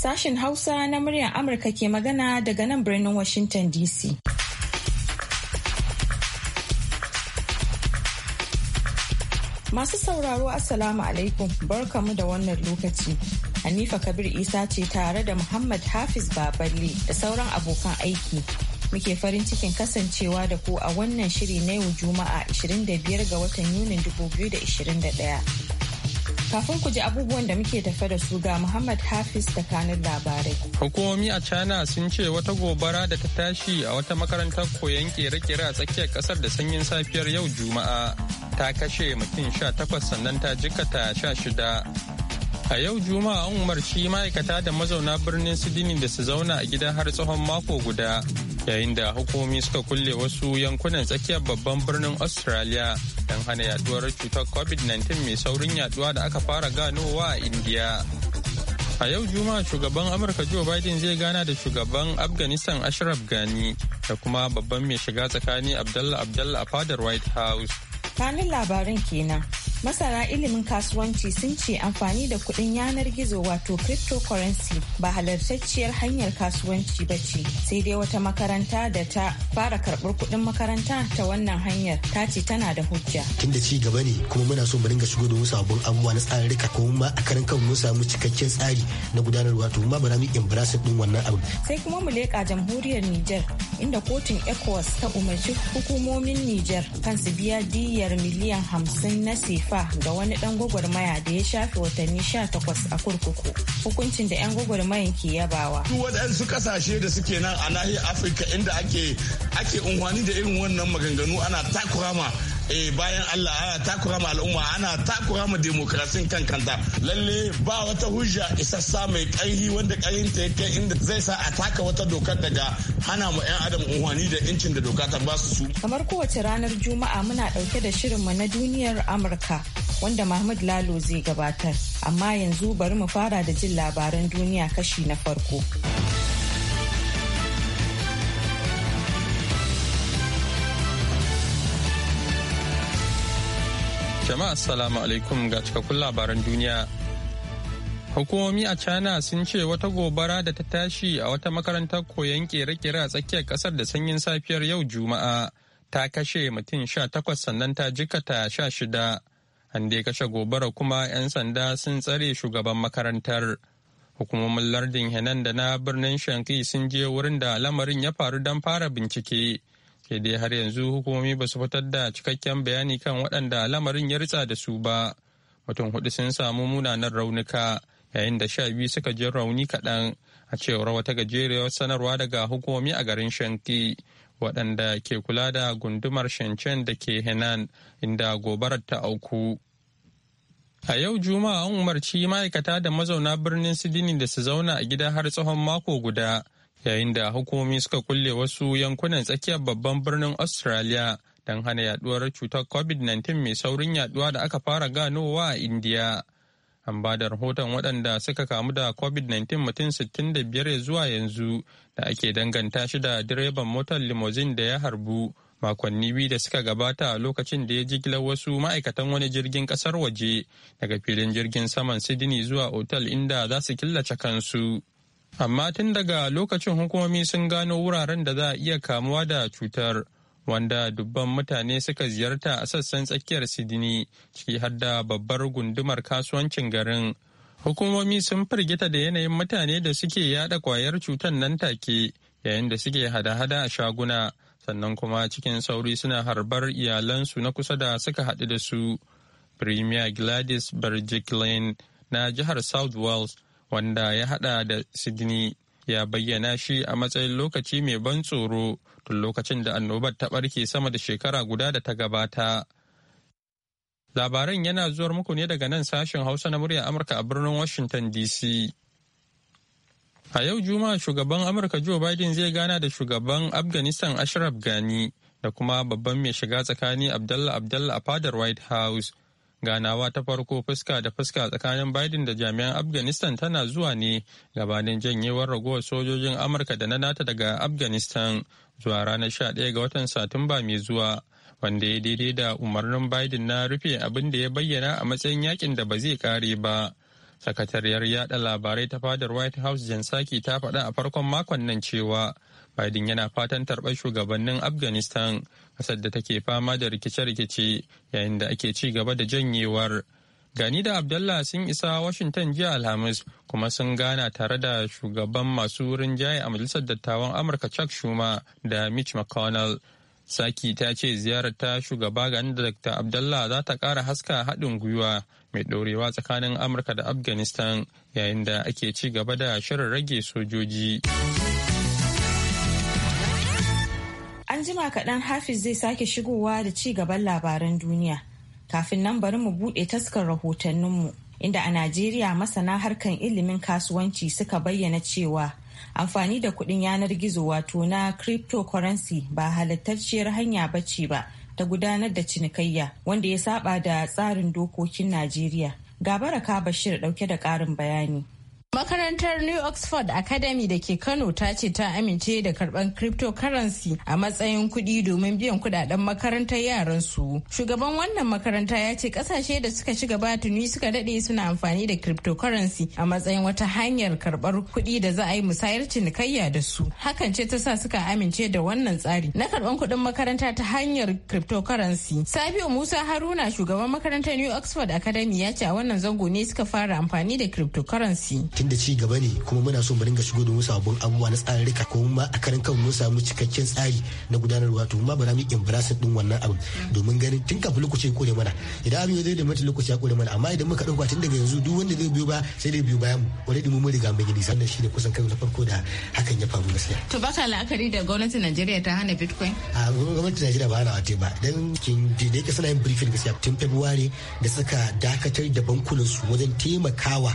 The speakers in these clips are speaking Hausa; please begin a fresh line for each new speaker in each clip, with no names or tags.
Sashen Hausa na muryar Amurka ke magana daga nan birnin Washington DC. Masu sauraro Assalamu alaikum barkamu da wannan lokaci. Hanifa Kabir Isa ce tare da Muhammad Hafiz Baballe da sauran abokan aiki. muke farin cikin kasancewa da ku a wannan shiri na yau Juma'a 25 ga watan Yunin 2021. Kafin ku ji abubuwan da muke tafe da su ga Muhammad Hafiz da kanun labarai.
Hukumomi a China sun ce wata gobara da ta tashi a wata makarantar koyon kere-kere a tsakiyar kasar da sanyin safiyar yau Juma'a ta kashe mutum 18 sannan ta jikata 16. A yau Juma'a an umarci ma'aikata da mazauna birnin Sidini da su zauna a gidan har tsawon mako guda yayin da hukumomi suka kulle wasu yankunan tsakiyar babban birnin Australia don hana yaduwar cutar COVID-19 mai saurin yaduwa da aka fara ganowa a India. A yau Juma'a shugaban Amurka Joe Biden zai gana da shugaban Afghanistan Ashraf Ghani da kuma babban mai shiga tsakani Abdullah Abdullah a fadar White House.
Kamin labarin kenan. Masara ilimin kasuwanci sun ce amfani da kuɗin yanar gizo wato cryptocurrency ba halartacciyar hanyar kasuwanci ba ce sai dai wata makaranta da ta fara karɓar kuɗin makaranta ta wannan hanyar ta ce tana da hujja.
Tun da ci gaba ne kuma muna so mu dinga shigo da wasu abun abubuwa na tsarin rika kuma ma a karan kan mun samu cikakken tsari na gudanarwa to ma bara mu embrace din wannan abu.
Sai kuma mu leƙa jamhuriyar niger inda kotun ECOWAS ta umarci hukumomin Nijar su biya diyyar miliyan hamsin na sefa laifuka ga wani dan gwagwarmaya da ya shafe watanni 18 a kurkuku hukuncin da 'yan gwagwarmayan ke yabawa.
Duk waɗansu kasashe da suke nan a nahiyar Afirka inda ake ake da irin wannan maganganu ana takurama eh bayan Allah ana takura ma al'umma ana takura ma demokrasin kan kanta lalle ba wata hujja isassa mai ƙarfi wanda ƙarfin ta yake inda zai sa a taka wata dokar daga hana mu 'yan adam unhwani da incin da doka ta ba su su
kamar kowace ranar juma'a muna ɗauke da shirin mu na duniyar amurka wanda mahmud lalo zai gabatar amma yanzu bari mu fara da jin labaran duniya kashi na farko.
Jama'a assalamu alaikum ga cikakkun labaran duniya. Hukumomi a China sun ce wata gobara da ta tashi a wata makarantar koyon kere-kere a tsakiyar kasar da sanyin safiyar yau Juma'a ta kashe mutum sha takwas sannan ta jikata sha shida. Hande kashe gobara kuma 'yan sanda sun tsare shugaban makarantar. Hukumomin lardin Henan da na birnin Shanki sun je wurin da lamarin ya faru don fara bincike. sai dai har yanzu hukumomi ba su fitar da cikakken bayani kan waɗanda lamarin ya ritsa da su ba mutum hudu sun samu munanan raunuka yayin da sha biyu suka ji rauni kaɗan a cewar wata gajeriyar sanarwa daga hukumomi a garin shanti waɗanda ke kula da gundumar shancen da ke henan inda gobarar ta auku a yau juma'a an umarci ma'aikata da mazauna birnin sidini da su zauna a gida har tsawon mako guda yayin da hukumomi suka kulle wasu yankunan tsakiyar babban birnin australia don hana yaduwar cutar covid-19 mai saurin yaduwa da aka fara ganowa a india an ba da rahoton waɗanda suka kamu da covid-19 mutum 65 zuwa yanzu da ake danganta shi da direban motar limousine da ya harbu makonni biyu da suka gabata a lokacin da ya jigilar wasu ma'aikatan wani jirgin kasar waje daga filin jirgin saman sydney zuwa otal inda za su killace kansu. Amma tun daga lokacin hukumomi sun gano wuraren da za a iya kamuwa da cutar wanda dubban mutane suka ziyarta a sassan tsakiyar Sidini ciki har da babbar gundumar kasuwancin garin. Hukumomi sun firgita da yanayin mutane da suke yada kwayar cutar nan take yayin da suke hada-hada a shaguna sannan kuma cikin sauri suna harbar iyalansu na kusa da suka haɗu da su. Premier Gladys Berejiklian na jihar South Wales wanda ya hada da Sydney ya bayyana shi a matsayin lokaci mai ban tsoro tun lokacin da annobar ta barke sama da shekara guda da ta gabata. Labaran yana zuwar muku ne daga nan sashen Hausa na murya Amurka a birnin Washington DC. A yau Juma'a shugaban Amurka Joe Biden zai gana da shugaban Afghanistan Ashraf Ghani da kuma babban mai shiga tsakani Abdullah Abdullah a fadar White House ganawa ta farko fuska da fuska tsakanin biden da jami'an afghanistan tana zuwa ne gabanin janyewar ragowar sojojin amurka da na nata daga afghanistan zuwa ranar 11 ga watan satumba mai zuwa wanda ya daidai da umarnin biden na rufe abin da ya bayyana a matsayin yakin da ba zai kare ba sakatariyar yada labarai ta fadar white house jan saki ta faɗa a farkon makon nan cewa biden yana fatan tarɓar shugabannin afghanistan kasar da take fama da rikice-rikice yayin da ake ci gaba da janyewar. Gani da Abdallah sun isa Washington jiya Alhamis kuma sun gana tare da shugaban masu wurin jaye a Majalisar Dattawan Amurka Chuck Schumer da Mitch McConnell. Saki ta ce ziyarar ta shugaba gani da Dr. Abdallah za ta kara haska haɗin gwiwa mai ɗorewa tsakanin Amurka da Afghanistan yayin da ake ci gaba da shirin rage sojoji.
An jima kaɗan Hafiz zai sake shigowa da ci gaban labaran duniya. Kafin nan bari mu buɗe taskar rahotanninmu, inda a Najeriya masana harkan ilimin kasuwanci suka bayyana cewa amfani da kuɗin yanar gizo wato na cryptocurrency ba halittacciyar hanya ba ce ba ta gudanar da cinikayya wanda ya saba da tsarin dokokin Najeriya. Ga baraka Bashir ɗauke da ƙarin bayani. Makarantar New Oxford Academy da ke Kano ta ce ta amince da karban cryptocurrency a matsayin kuɗi domin biyan kuɗaɗen makarantar yaran su Shugaban wannan makaranta ya ce ƙasashe da suka shiga ba tuni suka daɗe suna amfani da cryptocurrency a matsayin wata hanyar karɓar kuɗi da za a yi musayar cinikayya da su. Hakan ce ta sa suka amince da wannan tsari na karɓan kuɗin makaranta ta hanyar cryptocurrency. Sabiu Musa Haruna shugaban makarantar New Oxford Academy ya ce a wannan zango ne suka fara amfani da cryptocurrency.
da ci gaba ne kuma muna so mu dinga shigo domin abun abubuwa na tsararrika ko ma a karan kan mun samu cikakken tsari na gudanarwa to ma bara mu embrace din wannan abu domin ganin tun kafin lokacin kore mana idan abin zai da mata lokaci ya kore mana amma idan muka dauka tun daga yanzu duk wanda zai biyo ba sai dai biyo bayan mu wani dimu mun riga mun gidi sannan shine kusan kai na farko da hakan ya faru gaskiya
to baka la'akari da gwamnatin Najeriya ta hana bitcoin
a gwamnatin Najeriya ba hana wata ba dan kin da yake suna yin briefing gaskiya tun February da suka dakatar da bankunan su wajen taimakawa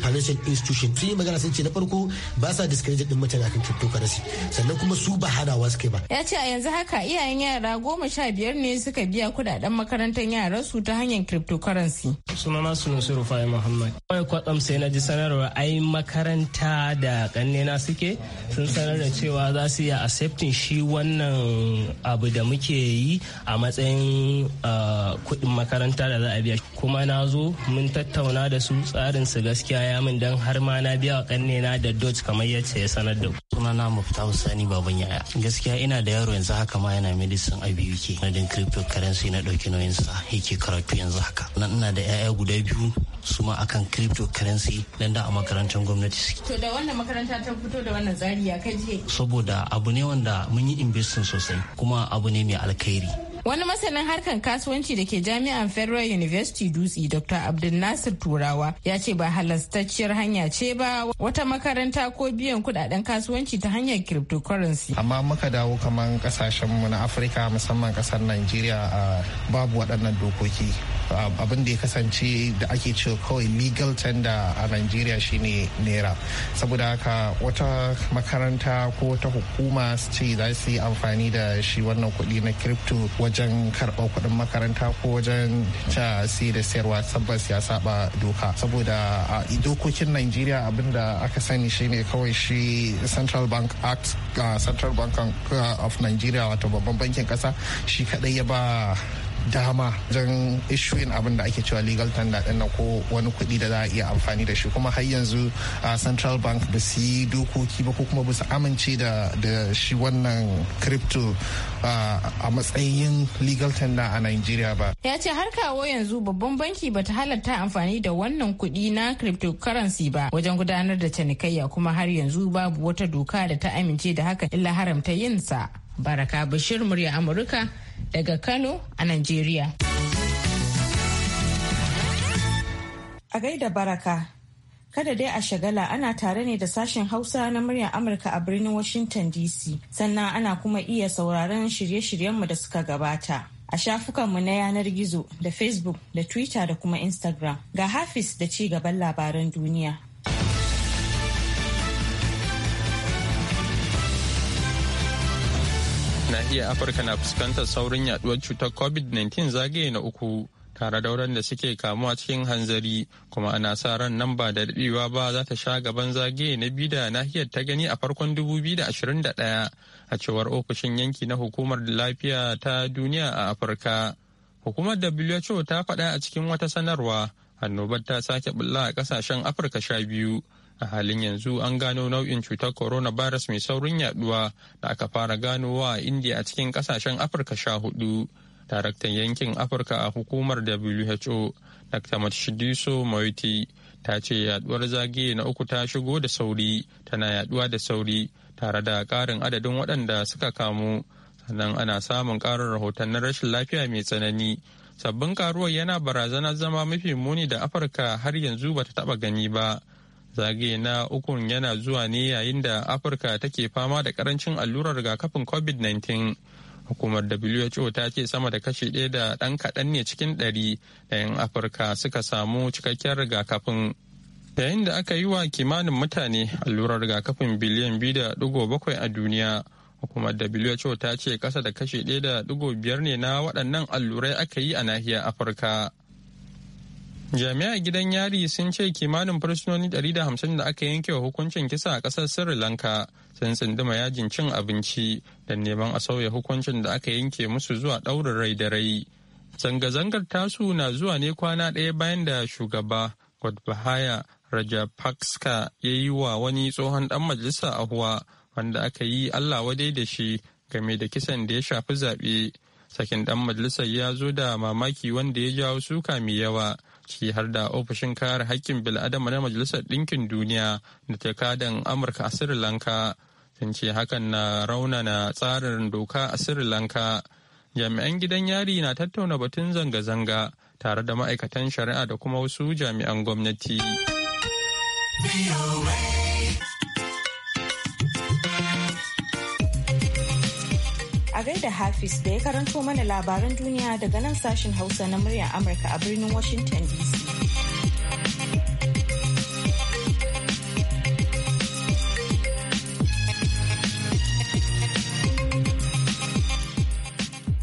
financial institution sun yi magana sun ce na farko ba sa discredit din mutane akan cryptocurrency sannan kuma su ba hanawa
suke ba
ya ce a yanzu haka iyayen yara goma sha biyar ne suka biya kudaden makarantar yaran su ta hanyar
cryptocurrency sunana na su rufai muhammad kawai kwatsam sai na ji sanarwa ai makaranta da kannena suke sun sanar da cewa za su iya accepting shi wannan abu da muke yi a matsayin uh, kuɗin makaranta da za a biya kuma na zo mun tattauna da su tsarin su gaskiya ya min dan har ma na biya wa kanne na da Dodge kamar yace ya sanar da suna na mafita Sani baban yaya gaskiya ina da yaro yanzu haka ma yana medicine a biyu ke na din cryptocurrency na dauki nauyin sa
yake karatu yanzu haka nan ina da yaya guda biyu su ma akan cryptocurrency dan da a makarantar gwamnati suke
to da wannan makaranta ta fito da wannan tsari ya kai
saboda abu ne wanda mun yi investing sosai kuma abu ne mai alkhairi
Wani masanin harkar kasuwanci da ke jami'an Federal University Dutse Dr. Abdul Nasir Turawa ya ce ba halastacciyar hanya ce ba wata makaranta ko biyan kudaden kasuwanci ta hanyar cryptocurrency. Amma muka
dawo kaman mu na Afirka musamman kasar nigeria babu waɗannan dokoki. abin da ya kasance da ake cewa kawai legal tender a Nigeria shine naira saboda haka wata makaranta ko wata hukuma su ce za su yi amfani da shi wannan kuɗi na crypto wajen karɓar kuɗin makaranta ko wajen ta sai da sayarwa tabbas ya saba doka saboda a dokokin Nigeria abin da aka sani shine kawai shi Central Bank Act Central Bank of Nigeria wato babban bankin kasa shi kadai ya ba dama don issuing abin da ake cewa legal tender ɗin ko wani kuɗi da za a iya amfani da shi kuma har yanzu uh, central bank ba su yi dokoki ba ko kuma ba su amince da shi wannan crypto uh, a matsayin legal tender a nigeria ba
ya ce har kawo yanzu babban banki ba ta halatta amfani da wannan kuɗi na cryptocurrency ba wajen gudanar da cinikayya kuma har yanzu babu wata doka da ta amince da haka illa haramta yinsa baraka bashir murya amurka daga Kano a Najeriya. A gaida baraka, kada dai a shagala ana tare ne da sashen hausa na muryar amurka a birnin washington dc sannan ana kuma iya sauraron shirye-shiryenmu da suka gabata a shafukanmu na yanar gizo da facebook da twitter da kuma instagram ga hafiz da ci gaban labaran duniya
na iya afirka na fuskantar saurin yaduwar cutar covid-19 zagaye na uku tare da da suke kamuwa cikin hanzari kuma ana sa ran nan ba da daɗewa ba za ta sha gaban zagaye na biyu da nahiyar ta gani a farkon 2021 a cewar ofishin yanki na hukumar lafiya ta duniya a afirka hukumar who ta faɗa a cikin wata sanarwa annobar ta sake bulla a ƙasashen afirka sha biyu a halin yanzu an gano nau'in cutar corona coronavirus mai saurin yaduwa da aka fara ganowa a india a cikin kasashen afirka sha hudu daraktan yankin afirka a hukumar who dr matshidiso moiti ta ce yaduwar zagaye na uku ta shigo da sauri tana yaduwa da sauri tare da karin adadin waɗanda suka kamu sannan ana samun karin na rashin lafiya mai tsanani sabbin karuwar yana barazanar zama mafi muni da afirka har yanzu bata taba gani ba zagaye na ukun yana zuwa ne yayin da afirka take fama da karancin allurar rigakafin covid-19 hukumar who ta ce sama da kashi ɗaya da ɗan kaɗan ne cikin ɗari da 'yan afirka suka samu cikakken rigakafin yayin da aka yi wa kimanin mutane allurar rigakafin biliyan biyu da ɗigo bakwai a duniya hukumar who ta ce ƙasa da kashi ɗaya da ɗigo biyar ne na waɗannan allurai aka yi a nahiyar afirka jami'a gidan yari sun ce kimanin fursunoni 150 da aka yanke wa hukuncin kisa a kasar sri lanka sun tsinduma yajin cin abinci da neman a sauya hukuncin da aka yanke musu zuwa ɗaurin rai da rai zanga-zangar tasu na zuwa ne kwana ɗaya bayan da shugaba godbahaya rajapaksa ya yi wa wani tsohon ɗan majalisa huwa wanda aka yi allah wadai da shi game da kisan da ya shafi zaɓe sakin ɗan majalisar ya zo da mamaki wanda ya jawo suka mai yawa ciki har da ofishin kare haƙƙin bil'adama na majalisar ɗinkin duniya da kadan amurka a sri lanka sun ce hakan na raunana tsarin doka a sri lanka jami'an gidan yari na tattauna batun zanga-zanga tare da ma'aikatan shari'a da kuma wasu jami'an gwamnati.
da Hafiz da ya karanto mana labaran duniya daga nan sashen Hausa na muryar Amurka a birnin Washington DC.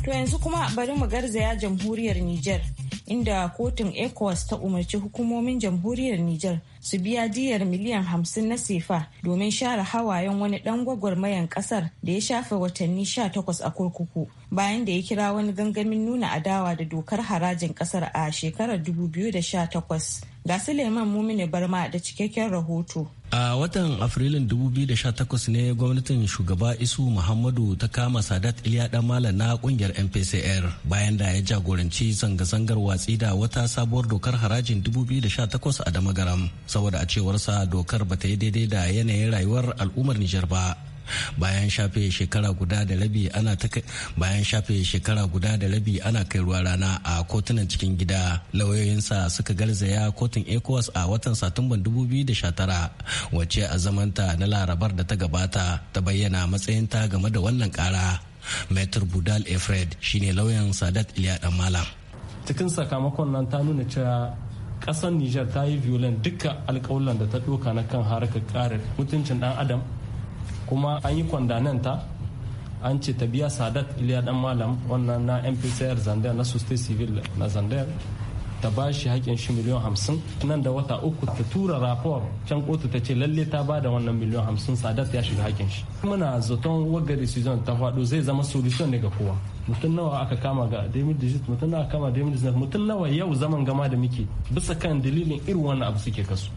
To yanzu kuma bari mu garzaya jamhuriyar Nijar. inda kotun ecowas ta umarci hukumomin jamhuriyar niger su biya diyar miliyan hamsin na sefa domin share hawayen wani dan gwagwarmayan kasar da ya shafe watanni sha takwas a kurkuku bayan da ya kira wani gangamin nuna adawa da dokar harajin kasar a shekarar 2018 ga suleiman mumini barma da cikakken rahoto
a watan afrilun 2018 ne gwamnatin shugaba isu muhammadu ta kama sadat iliya mala na kungiyar mpcr bayan da ya jagoranci zanga-zangar watsi da wata sabuwar dokar harajin 2018 a damagaram saboda a cewarsa dokar ba ta yi daidai da yanayin rayuwar al'ummar nijar ba bayan shafe shekara guda da rabi ana bayan shafe shekara guda da rabi ana kai ruwa rana a kotunan cikin gida lauyoyinsa suka garzaya kotun ecowas a watan satumban 2019 wacce a zamanta na larabar da ta gabata ta bayyana matsayinta game da wannan kara metro budal efred shine lauyan sadat iliya dan malam
cikin sakamakon nan ta nuna cewa kasar niger ta yi violent duka alkawalan da ta doka na kan harkar karar mutuncin dan adam kuma an yi kwandananta an ce ta biya sadat iliya dan malam wannan na mpcr zandar na sustai civil na zandar ta ba shi haƙin shi miliyan hamsin nan da wata uku ta tura rafor can kotu ta ce lalle ta ba da wannan miliyan hamsin sadat ya shiga haƙin shi muna zaton wagar decision ta faɗo zai zama solution ne ga kowa mutum nawa aka kama ga demir digit mutum nawa kama digit mutum nawa yau zaman gama da muke bisa kan dalilin irin wannan abu suke kasu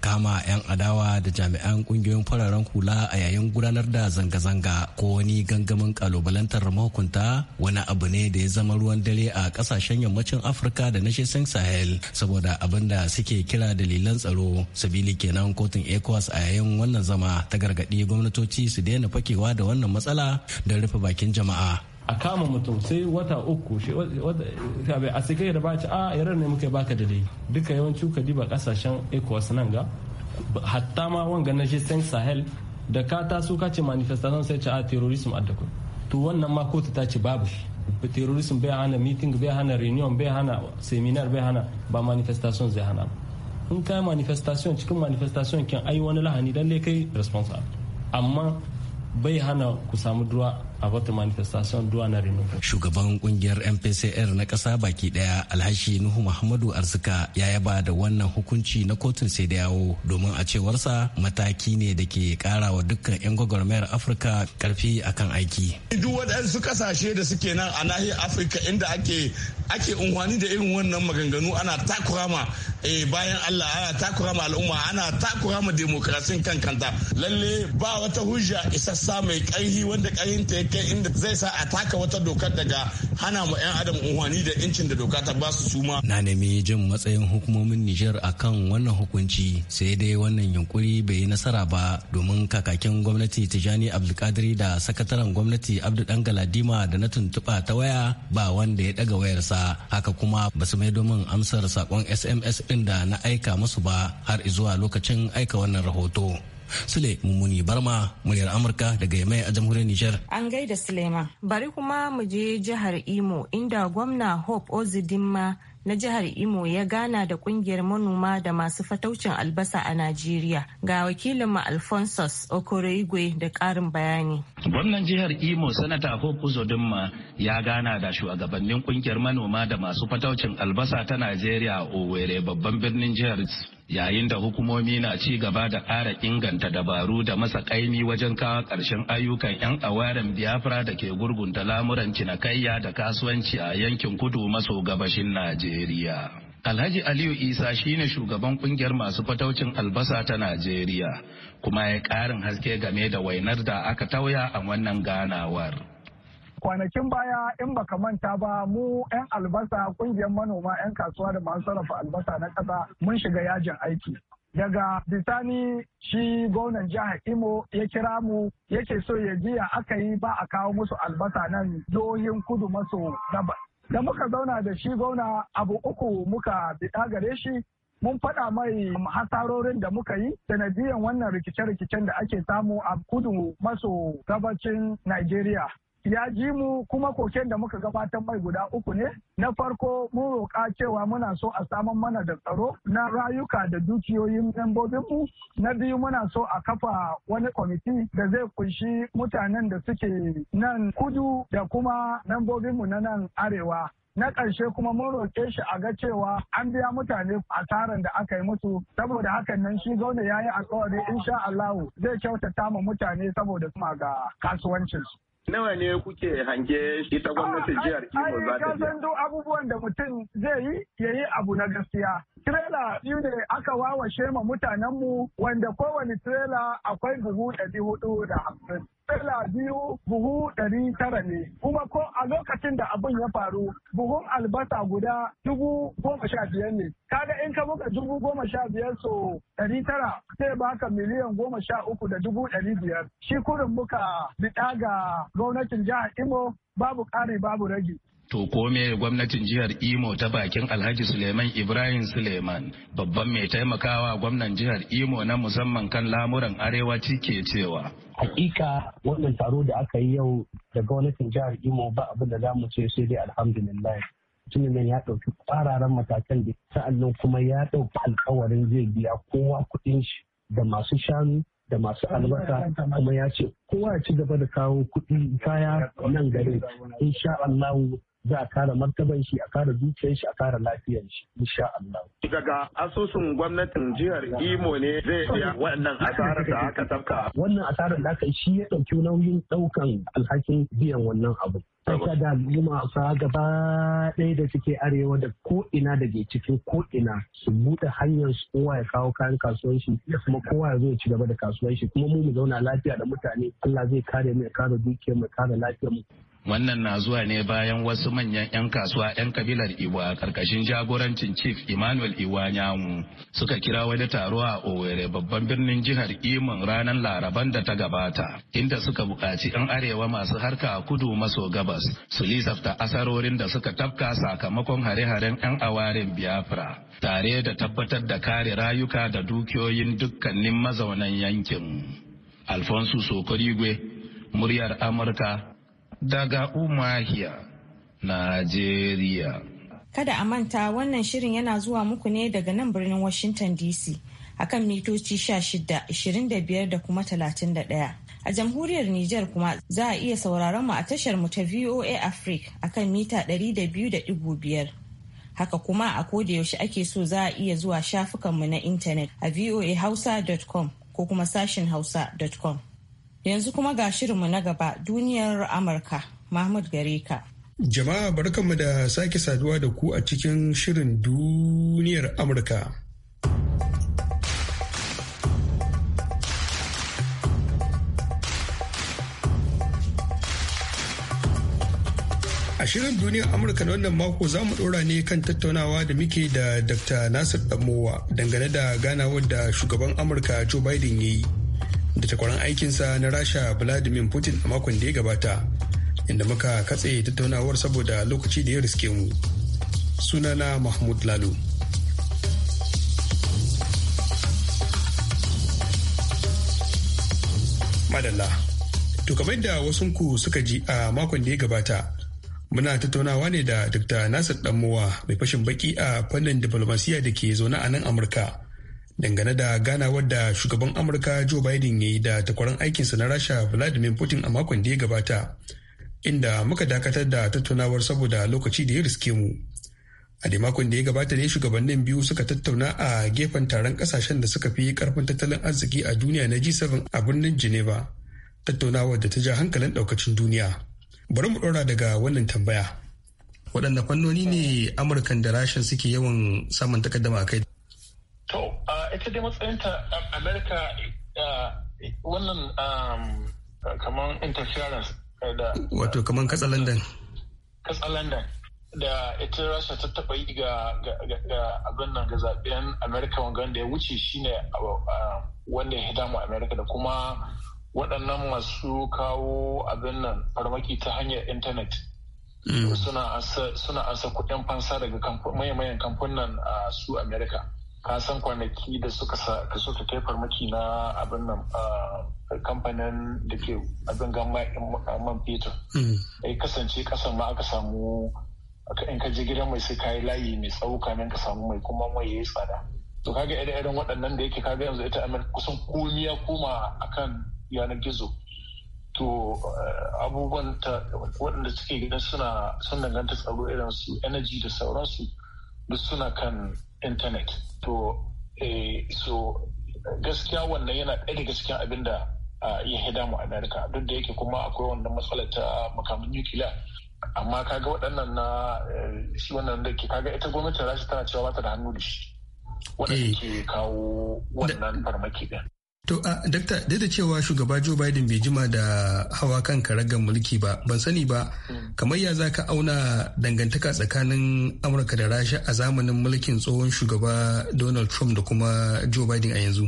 kama 'yan
adawa da jami'an kungiyoyin fararen hula a yayin gudanar da zanga-zanga ko wani gangamin kalubalantar mahukunta wani abu ne da ya zama ruwan dare a kasashen yammacin afirka da na shesan sahel saboda abin da suke kira dalilan tsaro sabili kenan kotun ecowas a yayin wannan zama ta gargaɗi gwamnatoci su daina fakewa da wannan matsala don
rufe bakin jama'a a kama mutum sai wata uku a sai kai da ba a ah, yaran ne muka baka da dai duka yawanci ka diba kasashen ecowas nan ga hatta ma wanga na shi sahel da ka taso ka ce manifestation sai ce a ah, terrorism dakon to wannan ma kotu ta ce babu shi terrorism bai hana meeting bai hana reunion bai hana seminar bai hana ba manifestation zai hana in ka manifestation cikin manifestation kin ai wani lahani lalle kai responsible amma bai hana ku samu duwa a wata manifestation na en Shugaban kungiyar MPCR na ƙasa baki ɗaya
Alhaji Nuhu Muhammadu Arzika ya yaba da wannan hukunci na kotun sai da yawo domin a cewarsa mataki ne da ke ƙara wa dukkan 'yan gwagwarmayar Afirka ƙarfi akan aiki.
Duk waɗansu kasashe da suke nan a nahiyar Afirka inda ake ake unhwani da irin wannan maganganu ana takurama eh, bayan Allah ana takurama al'umma ana takurama demokrasin kan kanta lalle ba wata hujja isassa mai ƙarfi wanda ƙarfinta ya kai inda zai sa a taka wata dokar daga hana mu 'yan adam unhwani da incin
da doka ta basu suma. Na nemi jin matsayin hukumomin Nijar akan wannan hukunci sai dai wannan yunkuri bai yi nasara ba domin kakakin gwamnati Tijani Abdulkadir da sakataren gwamnati Abdu Galadima da na tuntuɓa ta waya ba wanda ya daga wayarsa haka kuma ba su mai domin amsar sakon SMS ɗin da na aika musu ba har zuwa lokacin aika wannan rahoto. Sule Mummuni Barma muryar Amurka daga Yamai a jamhuriyar Nijar.
An gaida Suleiman. Bari kuma mu je jihar Imo inda gwamna Hope Ozidimma na jihar Imo ya gana da kungiyar manoma da masu fataucin albasa a Najeriya. Ga wakilinmu Alphonsus Okoroigwe da ƙarin bayani.
Gwamnan jihar Imo Sanata Hope Uzodinma ya gana da shugabannin kungiyar manoma da masu fataucin albasa ta Najeriya a Owerri babban birnin jihar yayin da hukumomi na ci gaba da ƙara inganta dabaru da masa ƙaimi wajen kawo ƙarshen ayyukan 'yan awaren biafra da ke gurgunta lamuran cinikayya da kasuwanci a yankin kudu maso gabashin najeriya alhaji aliyu isa shine shugaban kungiyar masu fataucin albasa ta najeriya kuma ya ƙarin haske game da wainar da aka tauya a wannan ganawar
kwanakin baya in baka manta ba mu 'yan albasa kungiyar manoma 'yan kasuwa da masu sarrafa albasa na kasa mun shiga yajin aiki daga bisani shi gwamnan jihar imo ya kira mu yake so ya jiya aka yi ba a kawo musu albasa nan dohin kudu maso gaba da muka zauna da shi gwamna abu uku muka biɗa gare shi mun faɗa mai hasarorin da muka yi sanadiyan wannan rikice-rikicen da ake samu a kudu maso gabacin Najeriya. ya ji mu kuma koken da muka gabatar mai guda uku ne na farko mun roƙa cewa muna so a saman mana da tsaro na rayuka da dukiyoyin membobinmu na biyu muna so a kafa wani kwamiti da zai kunshi mutanen da suke nan kudu da kuma membobinmu na nan arewa na ƙarshe kuma mun roƙe shi a ga cewa an biya mutane asaran da aka yi mutu saboda hakan nan shi zaune ya yi alƙawari insha Allah zai kyautata ma mutane saboda kuma ga kasuwancinsu. Nawa
ne kuke hange ita gwamnatin ah, jihar Imo za ta biya?
duk abubuwan da mutum zai yi yayi abu na gaskiya. Trela biyu ne aka wawashe ma mu wanda kowane trela akwai buhu ɗari huɗu da kala biyu buhu ɗari tara ne kuma ko a lokacin da abin ya faru buhun albasa guda dubu goma sha biyar ne kaga in ka buga dubu goma sha biyar so ɗari tara zai baka miliyan goma sha uku da dubu ɗari biyar shi kurin muka biɗa ga gwamnatin jihar imo babu ƙari babu rage
To kome gwamnatin jihar Imo ta bakin Alhaji Suleiman Ibrahim Suleiman babban mai taimakawa gwamnan jihar Imo na musamman kan lamuran arewaci ke cewa.
Hakika wannan taro da aka yi yau da gwamnatin jihar Imo ba abin da za mu ce sai dai alhamdulillah. mutumin nan ya ɗauki ƙwararren matakan da sa'annan kuma ya ɗauki alkawarin zai biya kowa kuɗin shi da masu shanu da masu albasa kuma ya ce kowa ya ci gaba da kawo kuɗi kaya nan garin insha Allah za a kara martaban shi a kare zuciyar shi a kara lafiyar shi insha Allah.
Daga asusun gwamnatin jihar Imo ne zai iya wannan asarar da aka
tafka. Wannan asarar da aka shi ya ɗauki nauyin ɗaukan alhakin biyan wannan abu. Aika da al'umma sa gaba ɗaya da suke arewa da ko'ina ina da ke cikin ko'ina ina su buɗe hanyar su kowa ya kawo kayan kasuwar shi kuma kowa ya zo ya ci gaba da kasuwar shi kuma mu mu zauna lafiya da mutane Allah zai kare mu ya kare dukiyar mu ya kare lafiyar mu
wannan na zuwa ne bayan wasu manyan 'yan kasuwa 'yan kabilar iwa karkashin jagorancin chief emmanuel Nyamu. suka kira wani taro a owerri babban birnin jihar Imo. ranar laraban da ta gabata inda suka buƙaci 'yan arewa masu harka a kudu maso gabas su lisafta asarorin da suka tafka sakamakon hare-haren 'yan awarin biafra tare da tabbatar da kare rayuka da dukiyoyin dukkanin mazaunan yankin alfonso sokorigwe muryar amurka daga Umahiya, Najeriya.
Kada a manta wannan shirin yana zuwa muku ne daga nan birnin Washington DC akan mitoci 16, 25 da kuma 31. A jamhuriyar Nijar kuma za a iya sauraron mu a tashar mu ta VOA Africa akan mita 200.5. Haka kuma a koda yaushe ake so za a iya zuwa shafukanmu na intanet a voahausa.com ko kuma sashin hausa.com. Yanzu kuma ga shirinmu na gaba duniyar Amurka, Mahmud Gareka.
Jama'a barkanmu da sake saduwa da ku a cikin shirin duniyar Amurka. A shirin duniyar Amurka na wannan mako za mu ɗora ne kan tattaunawa da muke da Dr. Nasir Damowa dangane da ganawar da shugaban Amurka Joe Biden ya yi. da takwaran aikinsa na rasha vladimir putin a makon da ya gabata inda muka katse tattaunawar saboda lokaci da ya riske mu sunana mahmud lalo madalla to kamar da ku suka ji a makon da ya gabata muna tattaunawa ne da dr nasir danmowa mai fashin baki a fannin diplomasiya da ke zaune a nan amurka dangane da ganawar da shugaban amurka joe biden ya yi da takwaran aikinsa na rasha vladimir putin a makon da ya gabata inda muka dakatar da tattaunawar saboda lokaci da ya riske mu a da makon da ya gabata ne shugabannin biyu suka tattauna a gefen taron kasashen da suka fi karfin tattalin arziki a duniya na g7 a birnin geneva tattaunawar da ta ja hankalin daukacin duniya bari mu ɗora daga wannan tambaya waɗanne fannoni ne amurkan da rashin suke yawan samun takaddama kai
To, ita dai matsayinta Amerika wannan um, kamar interference eh, da... Wato kamar katsa london da ita rasha ta taba yi ga abin nan ga zaben amerika wanda ya wuce shine wanda ya hidamu amerika da kuma waɗannan masu kawo abin nan farmaki ta hanyar intanet mm. suna ansa kuɗin fansa daga mayan kamfanin su amerika ka san kwanaki da suka da suka kai farmaki na abin nan kamfanin da ke abin gama man fetur mm. ya kasance kasan ma aka samu in ka je gidan mai sai ka yi layi mai tsawo kamin ka samu mai kuma mai ya yi tsada to kaga irin irin waɗannan da yake kaga yanzu ita amir kusan komi ya koma akan yanar gizo to eh, abubuwan ta waɗanda suke gidan suna sun danganta tsaro irin su energy da sauransu duk suna kan intanet to eh, so gaskiya wannan yana ɗaya daga cikin abin da ah, ya hida mu amerika duk da yake kuma akwai wannan matsalar ta makamin nukiliya amma kaga waɗannan na eh, shi wannan da ke kaga ita gwamnatin rashi tana cewa ba ta da hannu da shi wanda eh. ke kawo wannan farmaki ɗin
To a dakta da cewa shugaba Joe Biden bai jima da hawa kan karagar mulki ba ban sani ba kamar ya za auna dangantaka tsakanin Amurka da Rasha a zamanin mulkin tsohon shugaba Donald Trump da kuma Joe Biden a yanzu.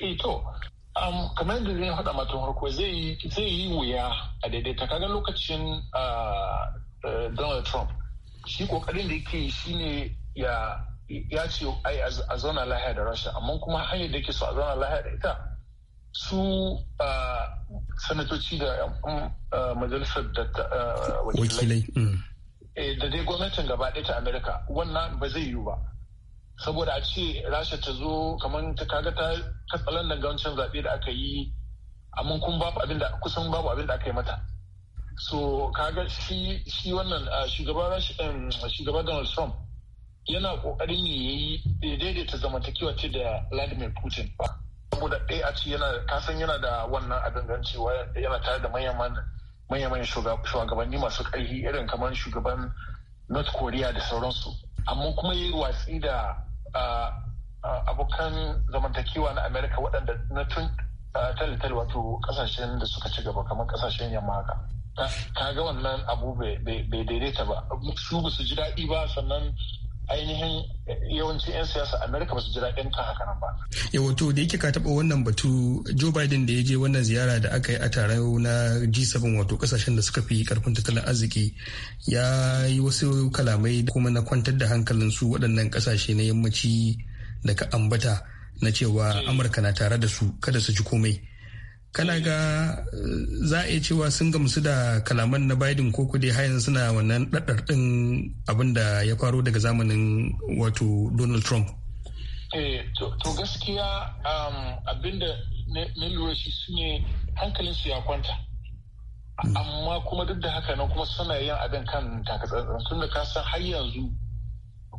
Eh, to um, kamar yadda zai haɗa matan harko zai yi wuya a daidai ta kaga lokacin uh, uh, Donald Trump shi kokarin da yake shi ne ya ya ce ai a zauna lahiya da rasha amma kuma hanyar da ke so a zauna lahiya da ita su sanatoci da um, majalisar da
wakilai mm. eh, da dai gwamnatin gaba ɗaya ta amerika wannan ba zai yiwu
ba saboda a ce rasha ta zo kamar ta kaga ta katsalan da wancan zaɓe da aka yi amma kun babu abin da kusan babu abin da aka yi mata so kaga shi wannan shugaban shugaban donald trump yana kokarin ya yi daidaita zamantakewa ce da Vladimir Putin ba. Saboda ɗaya a ce yana kasan yana da wannan abin cewa yana tare da manyan shugabanni masu ƙarfi irin kamar shugaban North Korea da sauransu. Amma kuma yi watsi da abokan zamantakewa na Amerika waɗanda na tun talitali wato ƙasashen da suka ci gaba kamar ƙasashen yamma haka. Ka ga wannan abu bai daidaita ba. Su ba su ji daɗi ba sannan
ainihin yawancin 'yan siyasa amerika ba su jira ɗin ka haka nan ba. to da yake ka taɓa wannan batu joe biden da ya je wannan ziyara da aka yi a taron na g7 wato kasashen da suka fi karfin tattalin arziki ya yi wasu kalamai kuma na kwantar da hankalin su waɗannan kasashe na yammaci da ka ambata na cewa eh. amurka na tare da su kada su ji komai kana ga eh, za a iya cewa sun gamsu da kalaman na biden ko kudi hayan suna wannan ɗaɗɗar ɗin abin da ya faro daga zamanin wato donald trump
eh, to gaskiya um, abinda na lura shi su ne su ya kwanta hmm. amma kuma duk da haka nan kuma suna yin abin kan takatsantsan tun da ka san har yanzu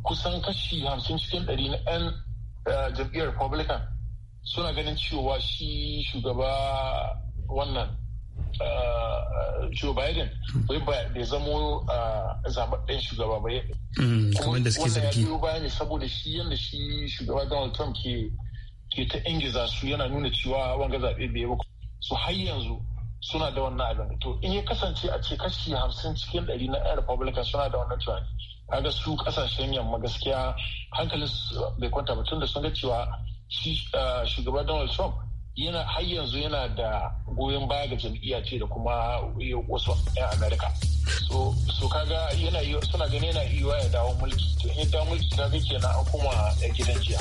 kusan kashi hamsin cikin ɗari na 'yan eh, jam'iyyar republican suna ganin cewa shi shugaba wannan uh, Joe Biden bai zamo uh, zaɓaɓɓen shugaba ba mm, ya kamar da suke zargi wannan ya bayani saboda shi yadda shi shugaba Donald Trump ke ke ta ingiza su yana nuna cewa wanga zaɓe bai ba su har yanzu suna da wannan abin to in ya kasance a ce kashi hamsin cikin ɗari na 'yan republican suna da wannan tunani kaga su kasashen yamma gaskiya hankalin bai kwanta ba tun da sun ga cewa shugaban uh, shugaba Donald Trump yana har yanzu yana da goyon baya ga jam'iyya ce da kuma wasu 'yan Amerika. So, kaga yana suna gani yana iya ya dawo mulki. To, in ya dawo mulki kaga kenan an kuma gidan jiya.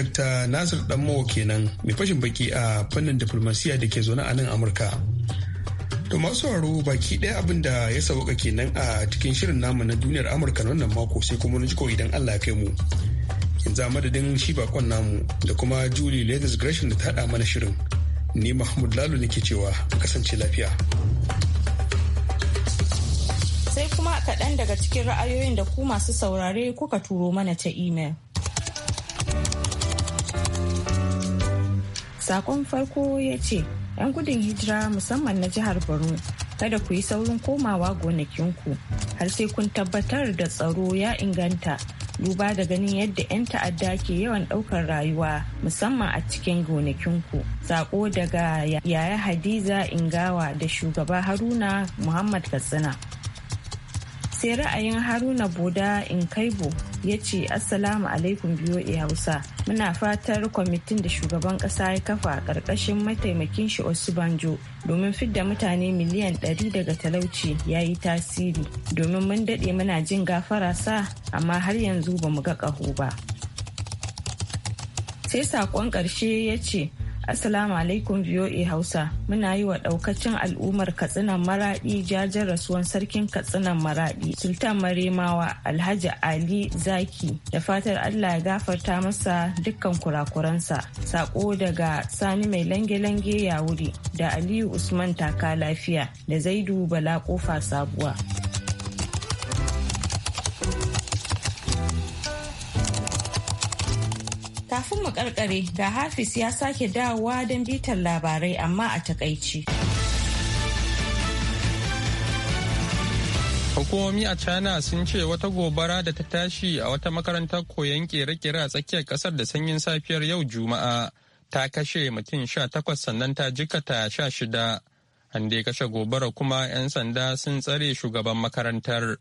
Dr. Nasir Danmo kenan mai fashin baki a fannin diplomasiya da ke zaune a nan Amurka. To masu sauraro baki ɗaya abin da ya sauka kenan a cikin shirin namu na duniyar Amurka na wannan mako sai kuma jiko idan Allah ya kai mu. Yanzu a madadin shi bakon namu da kuma Julie Ladies Gresham da ta haɗa mana shirin. Ni Mahmud Lalo nake cewa kasance lafiya.
sai kuma kaɗan daga cikin ra'ayoyin da ku masu saurare kuka turo mana ta imel. Sakon farko ya ce, ‘yan gudun hijira musamman na jihar Borno, kada ku yi saurin komawa gonakinku har sai kun tabbatar da tsaro ya inganta duba da ganin yadda 'yan ta'adda ke yawan ɗaukar rayuwa musamman a cikin gonakinku. Sako daga yaya Hadiza Ingawa da shugaba Haruna Muhammad Katsina. sai ra'ayin haruna boda inkaibo ya ce assalamu alaikum biyo hausa muna fatar kwamitin da shugaban kasa ya kafa karkashin mataimakin shi osubanjo domin fidda mutane miliyan 100 daga talauci ya yi tasiri domin mun daɗe muna jin gafara sa amma har yanzu ba mu ga ƙaho ba sai saƙon ƙarshe ya ce Assalamu alaikum VOA Hausa. Muna yi wa daukacin al'ummar Katsina Maradi jajen rasuwan sarkin Katsina Maradi Sultan Maremawa Alhaji Ali Zaki da fatar Allah ya gafarta masa dukkan kurakuransa. Sako daga Sani mai lange-lange yawuri da Aliyu Usman taka lafiya da Zaidu Bala kofa sabuwa. Kafin mu karkare ga Hafiz ya sake dawowa don bitar labarai amma a takaici.
Hukumomi a China sun ce wata gobara da ta tashi a wata makarantar koyon kere-kere a tsakiyar kasar da sanyin safiyar yau Juma'a ta kashe mutum sha takwas sannan ta jikata sha shida. An dai kashe gobara kuma 'yan sanda sun tsare shugaban makarantar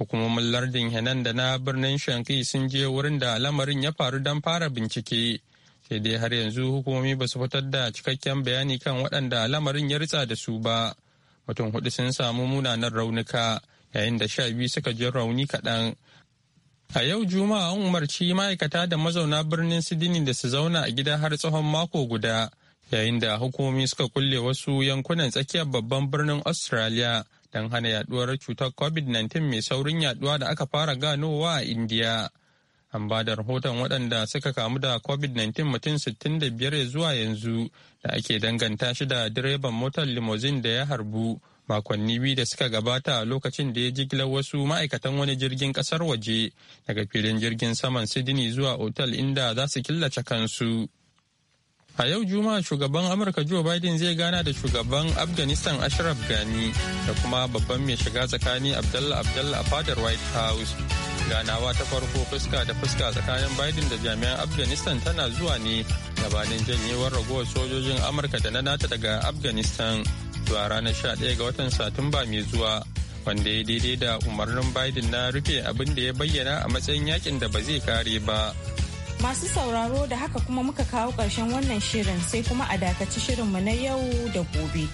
hukumomin lardin henan da na birnin shanki sun je wurin da lamarin ya faru don fara bincike sai dai har yanzu hukumomi ba su fitar da cikakken bayani kan waɗanda lamarin ya ritsa da su ba mutum hudu sun samu munanan raunuka yayin da sha biyu suka ji rauni kaɗan a yau juma'a an umarci ma'aikata da mazauna birnin sidini da su zauna a gida har tsawon mako guda yayin da hukumomi suka kulle wasu yankunan tsakiyar babban birnin australia don hana yaduwar cutar covid-19 mai saurin yaduwa da aka fara ganowa a indiya an ba da rahoton waɗanda suka kamu da covid-19 mutum 65 zuwa yanzu da ake danganta shi da direban motar limousine da ya harbu makonni biyu da suka gabata lokacin da ya jigilar wasu ma'aikatan wani jirgin kasar waje daga filin jirgin saman sydney zuwa otal inda za su killace kansu A yau Juma'a shugaban Amurka Joe Biden zai gana da shugaban Afghanistan Ashraf Ghani da kuma babban mai shiga tsakani Abdullah Abdullah a fadar White House. Ganawa ta farko fuska da fuska tsakanin Biden da jami'an Afghanistan tana zuwa ne gabanin janyewar ragowar sojojin Amurka da na nata daga Afghanistan zuwa ranar sha 11 ga watan Satumba mai zuwa. Wanda ya daidai da umarnin Biden na rufe abin da ya bayyana a matsayin yakin da ba zai kare ba.
Masu sauraro da haka kuma muka kawo ƙarshen wannan shirin sai kuma a dakaci shirinmu na yau da gobe.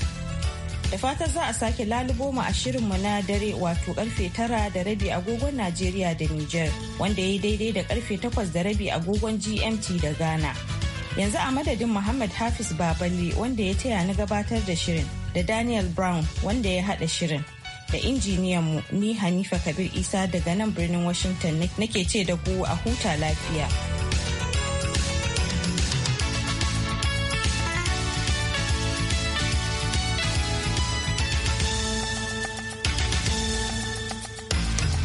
Da fatan za a sake lalubo mu a shirinmu na dare wato karfe tara da rabi agogon Najeriya da Nijar wanda ya yi daidai da karfe takwas da rabi agogon GMT da Ghana. Yanzu a madadin Muhammad Hafiz Baballe wanda ya taya ni gabatar da shirin da Daniel Brown wanda ya haɗa shirin. da injiniyan mu ni Hanifa Kabir Isa daga nan birnin Washington nake ce da ku a huta lafiya.